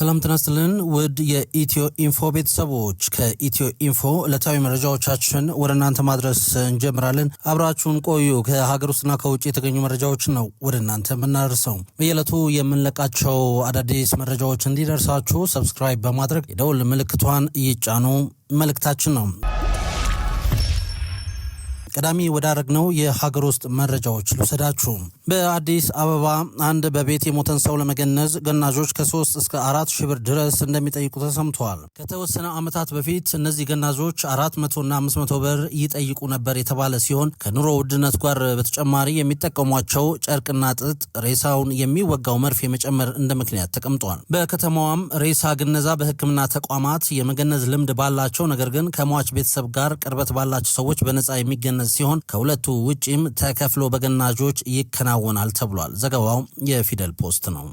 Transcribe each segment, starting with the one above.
ሰላም ትናስትልን ውድ የኢትዮ ኢንፎ ቤተሰቦች ከኢትዮ ኢንፎ ዕለታዊ መረጃዎቻችን ወደ እናንተ ማድረስ እንጀምራለን። አብራችሁን ቆዩ። ከሀገር ውስጥና ከውጭ የተገኙ መረጃዎችን ነው ወደ እናንተ የምናደርሰው። በየዕለቱ የምንለቃቸው አዳዲስ መረጃዎች እንዲደርሳችሁ ሰብስክራይብ በማድረግ የደውል ምልክቷን እይጫኑ መልእክታችን ነው። ቀዳሚ ወዳረግነው የሀገር ውስጥ መረጃዎች ልውሰዳችሁ። በአዲስ አበባ አንድ በቤት የሞተን ሰው ለመገነዝ ገናዦች ከሶስት እስከ አራት ሺህ ብር ድረስ እንደሚጠይቁ ተሰምተዋል። ከተወሰነ ዓመታት በፊት እነዚህ ገናዦች አራት መቶና አምስት መቶ ብር ይጠይቁ ነበር የተባለ ሲሆን ከኑሮ ውድነት ጋር በተጨማሪ የሚጠቀሟቸው ጨርቅና ጥጥ፣ ሬሳውን የሚወጋው መርፌ መጨመር እንደ ምክንያት ተቀምጧል። በከተማዋም ሬሳ ግነዛ በሕክምና ተቋማት የመገነዝ ልምድ ባላቸው ነገር ግን ከሟች ቤተሰብ ጋር ቅርበት ባላቸው ሰዎች በነጻ የሚገነ የሚቀንስ ሲሆን ከሁለቱ ውጪም ተከፍሎ በገናዦች ይከናወናል ተብሏል። ዘገባው የፊደል ፖስት ነው።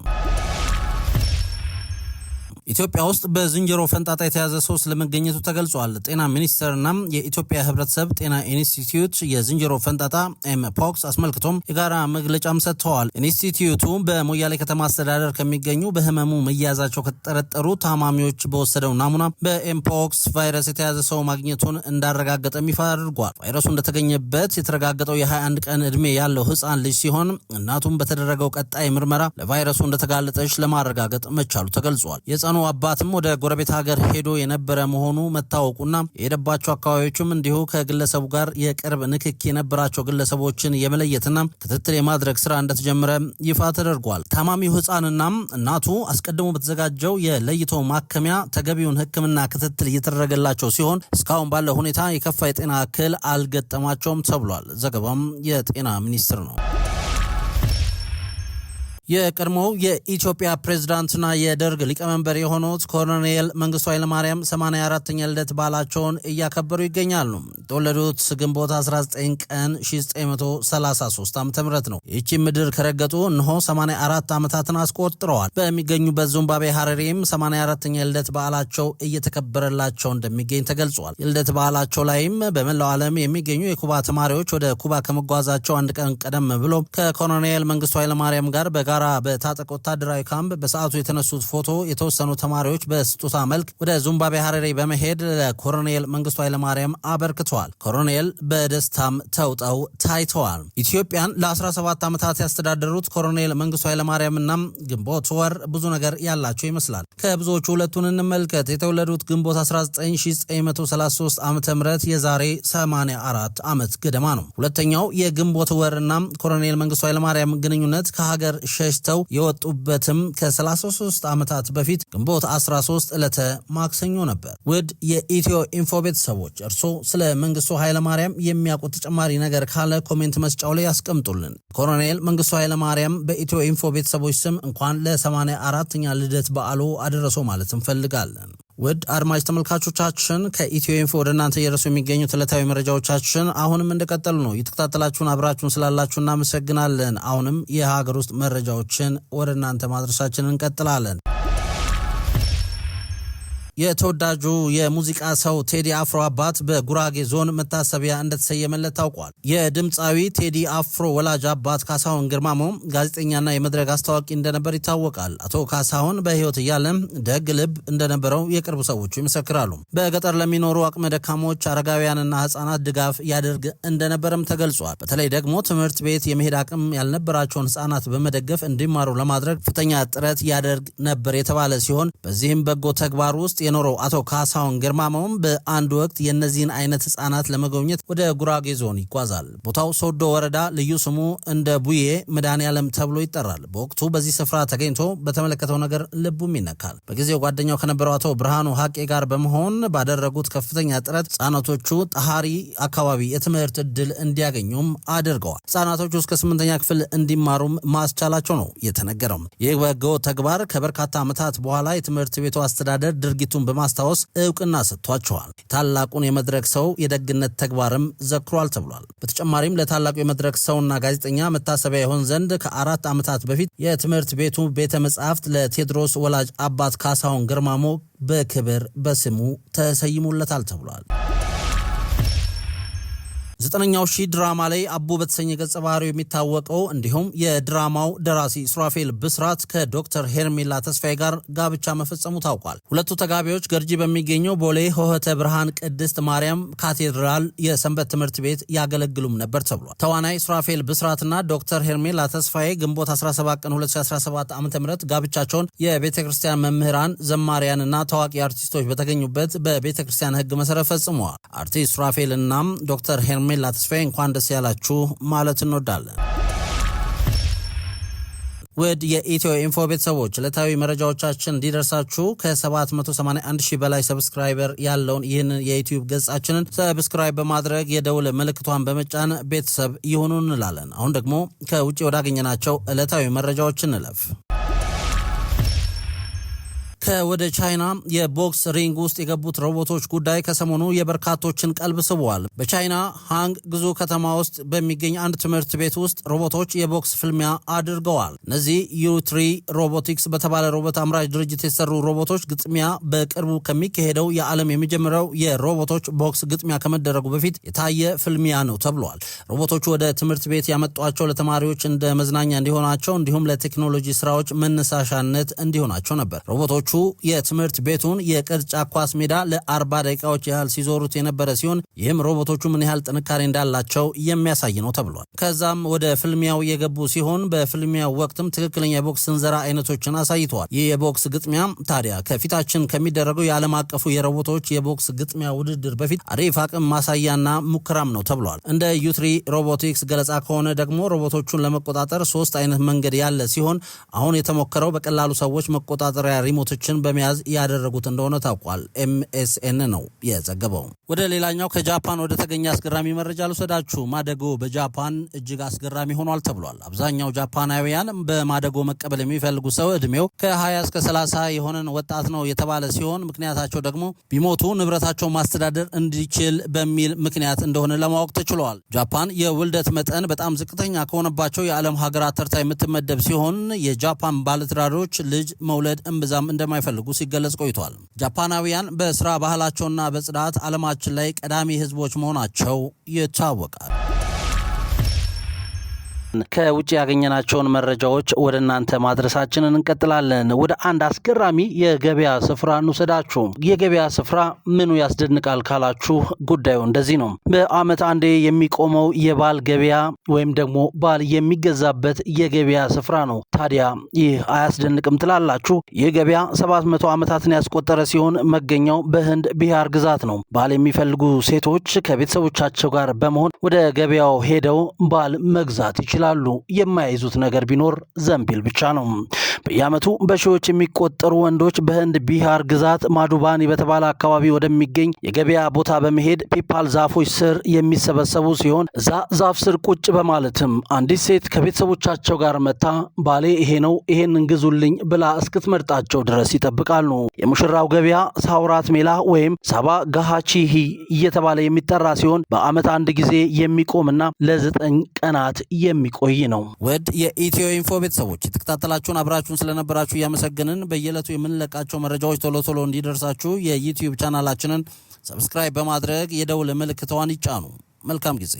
ኢትዮጵያ ውስጥ በዝንጀሮ ፈንጣጣ የተያዘ ሰው ስለመገኘቱ ተገልጿል። ጤና ሚኒስቴርና የኢትዮጵያ ሕብረተሰብ ጤና ኢንስቲትዩት የዝንጀሮ ፈንጣጣ ኤም ፖክስ አስመልክቶም የጋራ መግለጫም ሰጥተዋል። ኢንስቲትዩቱ በሞያሌ ከተማ አስተዳደር ከሚገኙ በህመሙ መያዛቸው ከተጠረጠሩ ታማሚዎች በወሰደው ናሙና በኤምፖክስ ቫይረስ የተያዘ ሰው ማግኘቱን እንዳረጋገጠም ይፋ አድርጓል። ቫይረሱ እንደተገኘበት የተረጋገጠው የ21 ቀን ዕድሜ ያለው ህፃን ልጅ ሲሆን እናቱም በተደረገው ቀጣይ ምርመራ ለቫይረሱ እንደተጋለጠች ለማረጋገጥ መቻሉ ተገልጿል። የህፃኑ አባትም ወደ ጎረቤት ሀገር ሄዶ የነበረ መሆኑ መታወቁና የሄደባቸው አካባቢዎችም እንዲሁ ከግለሰቡ ጋር የቅርብ ንክክ የነበራቸው ግለሰቦችን የመለየትና ክትትል የማድረግ ስራ እንደተጀመረ ይፋ ተደርጓል። ታማሚው ህፃንናም እናቱ አስቀድሞ በተዘጋጀው የለይቶ ማከሚያ ተገቢውን ህክምና ክትትል እየተደረገላቸው ሲሆን እስካሁን ባለው ሁኔታ የከፋ የጤና እክል አልገጠማቸውም ተብሏል። ዘገባም የጤና ሚኒስቴር ነው። የቀድሞው የኢትዮጵያ ፕሬዝዳንትና የደርግ ሊቀመንበር የሆኑት ኮሎኔል መንግስቱ ኃይለማርያም 84ኛ ልደት በዓላቸውን እያከበሩ ይገኛሉ። የተወለዱት ግንቦት 19 ቀን 933 ዓ ም ነው። ይቺ ምድር ከረገጡ እንሆ 84 ዓመታትን አስቆጥረዋል። በሚገኙበት ዚምባብዌ ሀረሪም 84ኛ ልደት በዓላቸው እየተከበረላቸው እንደሚገኝ ተገልጿል። የልደት በዓላቸው ላይም በመላው ዓለም የሚገኙ የኩባ ተማሪዎች ወደ ኩባ ከመጓዛቸው አንድ ቀን ቀደም ብሎ ከኮሎኔል መንግስቱ ኃይለማርያም ጋር በጋ ጋራ በታጠቅ ወታደራዊ ካምፕ በሰዓቱ የተነሱት ፎቶ የተወሰኑ ተማሪዎች በስጦታ መልክ ወደ ዙምባቤ ሀረሬ በመሄድ ለኮሎኔል መንግስቱ ኃይለማርያም አበርክተዋል። ኮሎኔል በደስታም ተውጠው ታይተዋል። ኢትዮጵያን ለ17 ዓመታት ያስተዳደሩት ኮሎኔል መንግስቱ እና ግንቦት ወር ብዙ ነገር ያላቸው ይመስላል። ከብዙዎቹ ሁለቱን እንመልከት። የተወለዱት ግንቦት 19933 ዓ ም የዛሬ 84 ዓመት ገደማ ነው። ሁለተኛው የግንቦት እና ኮሎኔል መንግስቱ ኃይለማርያም ግንኙነት ከሀገር ተሸሽተው የወጡበትም ከ33 ዓመታት በፊት ግንቦት 13 ዕለተ ማክሰኞ ነበር። ውድ የኢትዮ ኢንፎ ቤተሰቦች እርስዎ ስለ መንግስቱ ኃይለማርያም የሚያውቁት ተጨማሪ ነገር ካለ ኮሜንት መስጫው ላይ ያስቀምጡልን። ኮሎኔል መንግስቱ ኃይለማርያም በኢትዮ ኢንፎ ቤተሰቦች ስም እንኳን ለ84ኛ ልደት በዓሉ አደረሶ ማለት እንፈልጋለን። ውድ አድማጭ ተመልካቾቻችን ከኢትዮ ኢንፎ ወደ እናንተ እየደረሱ የሚገኙት ዕለታዊ መረጃዎቻችን አሁንም እንደቀጠሉ ነው። የተከታተላችሁን አብራችሁን ስላላችሁ እናመሰግናለን። አሁንም የሀገር ውስጥ መረጃዎችን ወደ እናንተ ማድረሳችን እንቀጥላለን። የተወዳጁ የሙዚቃ ሰው ቴዲ አፍሮ አባት በጉራጌ ዞን መታሰቢያ እንደተሰየመለት ታውቋል። የድምፃዊ ቴዲ አፍሮ ወላጅ አባት ካሳሁን ግርማሞ ጋዜጠኛና የመድረክ አስታዋቂ እንደነበር ይታወቃል። አቶ ካሳሁን በሕይወት እያለም ደግ ልብ እንደነበረው የቅርብ ሰዎቹ ይመሰክራሉ። በገጠር ለሚኖሩ አቅመ ደካሞች፣ አረጋውያንና ህጻናት ድጋፍ ያደርግ እንደነበረም ተገልጿል። በተለይ ደግሞ ትምህርት ቤት የመሄድ አቅም ያልነበራቸውን ህጻናት በመደገፍ እንዲማሩ ለማድረግ ከፍተኛ ጥረት ያደርግ ነበር የተባለ ሲሆን በዚህም በጎ ተግባር ውስጥ የኖረው አቶ ካሳሁን ግርማመውም በአንድ ወቅት የእነዚህን አይነት ህጻናት ለመጎብኘት ወደ ጉራጌ ዞን ይጓዛል። ቦታው ሶዶ ወረዳ ልዩ ስሙ እንደ ቡዬ መድኃኔ ዓለም ተብሎ ይጠራል። በወቅቱ በዚህ ስፍራ ተገኝቶ በተመለከተው ነገር ልቡም ይነካል። በጊዜው ጓደኛው ከነበረው አቶ ብርሃኑ ሀቄ ጋር በመሆን ባደረጉት ከፍተኛ ጥረት ህጻናቶቹ ጠሃሪ አካባቢ የትምህርት እድል እንዲያገኙም አድርገዋል። ህጻናቶቹ እስከ ስምንተኛ ክፍል እንዲማሩም ማስቻላቸው ነው የተነገረው። ይህ በጎ ተግባር ከበርካታ ዓመታት በኋላ የትምህርት ቤቱ አስተዳደር ድርጊቱ መሆናቸውን በማስታወስ እውቅና ሰጥቷቸዋል። ታላቁን የመድረክ ሰው የደግነት ተግባርም ዘክሯል ተብሏል። በተጨማሪም ለታላቁ የመድረክ ሰውና ጋዜጠኛ መታሰቢያ ይሆን ዘንድ ከአራት ዓመታት በፊት የትምህርት ቤቱ ቤተ መጻሕፍት ለቴዎድሮስ ወላጅ አባት ካሳሁን ግርማሞ በክብር በስሙ ተሰይሞለታል ተብሏል። ዘጠነኛው ሺ ድራማ ላይ አቦ በተሰኘ ገጸ ባህሪው የሚታወቀው እንዲሁም የድራማው ደራሲ ሱራፌል ብስራት ከዶክተር ሄርሜላ ተስፋዬ ጋር ጋብቻ መፈጸሙ ታውቋል። ሁለቱ ተጋቢዎች ገርጂ በሚገኘው ቦሌ ሆህተ ብርሃን ቅድስት ማርያም ካቴድራል የሰንበት ትምህርት ቤት ያገለግሉም ነበር ተብሏል። ተዋናይ ሱራፌል ብስራትና ዶክተር ሄርሜላ ተስፋዬ ግንቦት 17 ቀን 2017 ዓ ም ጋብቻቸውን የቤተ ክርስቲያን መምህራን ዘማሪያንና ታዋቂ አርቲስቶች በተገኙበት በቤተ ክርስቲያን ህግ መሰረት ፈጽመዋል። አርቲስት ሱራፌል እናም ዶክተር ሄርሜ ሄርሜላ ተስፋዬ እንኳን ደስ ያላችሁ ማለት እንወዳለን። ውድ የኢትዮ ኢንፎ ቤተሰቦች ዕለታዊ መረጃዎቻችን እንዲደርሳችሁ ከ781 ሺህ በላይ ሰብስክራይበር ያለውን ይህንን የዩትዩብ ገጻችንን ሰብስክራይብ በማድረግ የደውል ምልክቷን በመጫን ቤተሰብ ይሁኑ እንላለን። አሁን ደግሞ ከውጭ ወዳገኘናቸው ዕለታዊ መረጃዎች እንለፍ። ከወደ ቻይና የቦክስ ሪንግ ውስጥ የገቡት ሮቦቶች ጉዳይ ከሰሞኑ የበርካቶችን ቀልብ ስቧል። በቻይና ሃንግ ግዙ ከተማ ውስጥ በሚገኝ አንድ ትምህርት ቤት ውስጥ ሮቦቶች የቦክስ ፍልሚያ አድርገዋል። እነዚህ ዩትሪ ሮቦቲክስ በተባለ ሮቦት አምራች ድርጅት የተሰሩ ሮቦቶች ግጥሚያ በቅርቡ ከሚካሄደው የዓለም የመጀመሪያው የሮቦቶች ቦክስ ግጥሚያ ከመደረጉ በፊት የታየ ፍልሚያ ነው ተብሏል። ሮቦቶቹ ወደ ትምህርት ቤት ያመጧቸው ለተማሪዎች እንደ መዝናኛ እንዲሆናቸው እንዲሁም ለቴክኖሎጂ ስራዎች መነሳሻነት እንዲሆናቸው ነበር ሮቦቶቹ የትምህርት ቤቱን የቅርጫ ኳስ ሜዳ ለአርባ ደቂቃዎች ያህል ሲዞሩት የነበረ ሲሆን ይህም ሮቦቶቹ ምን ያህል ጥንካሬ እንዳላቸው የሚያሳይ ነው ተብሏል። ከዛም ወደ ፍልሚያው የገቡ ሲሆን በፍልሚያው ወቅትም ትክክለኛ የቦክስ ስንዘራ አይነቶችን አሳይተዋል። ይህ የቦክስ ግጥሚያ ታዲያ ከፊታችን ከሚደረገው የዓለም አቀፉ የሮቦቶች የቦክስ ግጥሚያ ውድድር በፊት አሪፍ አቅም ማሳያና ሙከራም ነው ተብሏል። እንደ ዩትሪ ሮቦቲክስ ገለጻ ከሆነ ደግሞ ሮቦቶቹን ለመቆጣጠር ሶስት አይነት መንገድ ያለ ሲሆን አሁን የተሞከረው በቀላሉ ሰዎች መቆጣጠሪያ ሪሞቶች ሰዎችን በመያዝ ያደረጉት እንደሆነ ታውቋል። ኤምኤስኤን ነው የዘገበው። ወደ ሌላኛው ከጃፓን ወደ ተገኘ አስገራሚ መረጃ ልውሰዳችሁ። ማደጎ በጃፓን እጅግ አስገራሚ ሆኗል ተብሏል። አብዛኛው ጃፓናውያን በማደጎ መቀበል የሚፈልጉ ሰው እድሜው ከ20 እስከ 30 የሆነን ወጣት ነው የተባለ ሲሆን ምክንያታቸው ደግሞ ቢሞቱ ንብረታቸውን ማስተዳደር እንዲችል በሚል ምክንያት እንደሆነ ለማወቅ ተችሏል። ጃፓን የውልደት መጠን በጣም ዝቅተኛ ከሆነባቸው የዓለም ሀገራት ተርታ የምትመደብ ሲሆን የጃፓን ባለትዳሮች ልጅ መውለድ እምብዛም እንደ እንደማይፈልጉ ሲገለጽ ቆይቷል። ጃፓናውያን በስራ ባህላቸውና በጽዳት ዓለማችን ላይ ቀዳሚ ህዝቦች መሆናቸው ይታወቃል። ከውጭ ያገኘናቸውን መረጃዎች ወደ እናንተ ማድረሳችንን እንቀጥላለን። ወደ አንድ አስገራሚ የገበያ ስፍራ እንውሰዳችሁ። የገበያ ስፍራ ምኑ ያስደንቃል ካላችሁ ጉዳዩ እንደዚህ ነው። በዓመት አንዴ የሚቆመው የባል ገበያ ወይም ደግሞ ባል የሚገዛበት የገበያ ስፍራ ነው። ታዲያ ይህ አያስደንቅም ትላላችሁ? ይህ ገበያ 700 ዓመታትን ያስቆጠረ ሲሆን መገኛው በህንድ ቢሃር ግዛት ነው። ባል የሚፈልጉ ሴቶች ከቤተሰቦቻቸው ጋር በመሆን ወደ ገበያው ሄደው ባል መግዛት ይችላል። ይችላሉ። የማያይዙት ነገር ቢኖር ዘንቢል ብቻ ነው። በየዓመቱ በሺዎች የሚቆጠሩ ወንዶች በህንድ ቢሃር ግዛት ማዱባኒ በተባለ አካባቢ ወደሚገኝ የገበያ ቦታ በመሄድ ፒፓል ዛፎች ስር የሚሰበሰቡ ሲሆን እዛ ዛፍ ስር ቁጭ በማለትም አንዲት ሴት ከቤተሰቦቻቸው ጋር መታ ባሌ ይሄ ነው ይሄንን ግዙልኝ ብላ እስክትመርጣቸው ድረስ ይጠብቃሉ። የሙሽራው ገበያ ሳውራት ሜላ ወይም ሳባ ጋሃቺሂ እየተባለ የሚጠራ ሲሆን በዓመት አንድ ጊዜ የሚቆምና ለዘጠኝ ቀናት የሚቆይ ነው። ውድ የኢትዮ ኢንፎ ቤተሰቦች የተከታተላችሁን አብራችሁን አብራችሁን ስለነበራችሁ እያመሰገንን በየዕለቱ የምንለቃቸው መረጃዎች ቶሎ ቶሎ እንዲደርሳችሁ የዩትዩብ ቻናላችንን ሰብስክራይብ በማድረግ የደውል ምልክተዋን ይጫኑ። መልካም ጊዜ